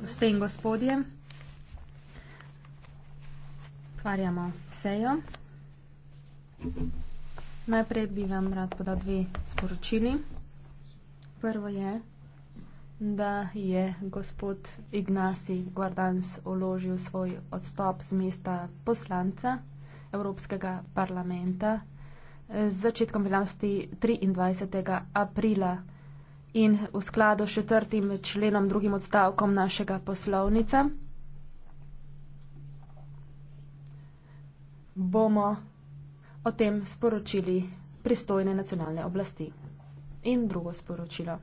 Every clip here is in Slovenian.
Gospe in gospodje, otvarjamo sejo. Najprej bi vam rad podal dve sporočili. Prvo je, da je gospod Ignasi Guardans oložil svoj odstop z mesta poslanca Evropskega parlamenta z začetkom veljavnosti 23. aprila 2020 in v skladu s četrtim členom, drugim odstavkom našega poslovnica bomo o tem sporočili pristojne nacionalne oblasti. In drugo sporočilo.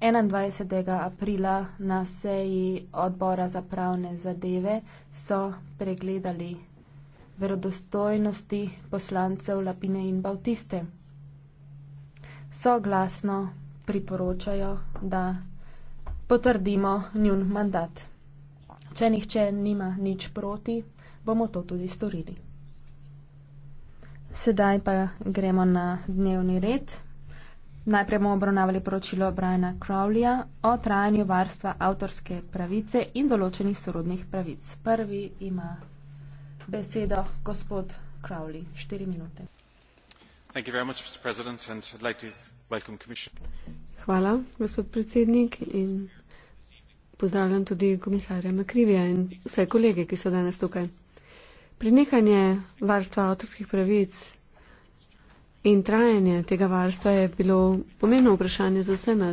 21. aprila na seji odbora za pravne zadeve so pregledali verodostojnosti poslancev Lapine in Bautiste soglasno priporočajo, da potrdimo njun mandat. Če nihče nima nič proti, bomo to tudi storili. Sedaj pa gremo na dnevni red. Najprej bomo obravnavali poročilo Briana Crowleya o trajanju varstva avtorske pravice in določenih sorodnih pravic. Prvi ima besedo gospod Crowley. Štiri minute. Hvala, gospod predsednik, in pozdravljam tudi komisarja Makrivija in vse kolege, ki so danes tukaj. Prenehanje varstva avtorskih pravic in trajanje tega varstva je bilo pomembno vprašanje za vse nas.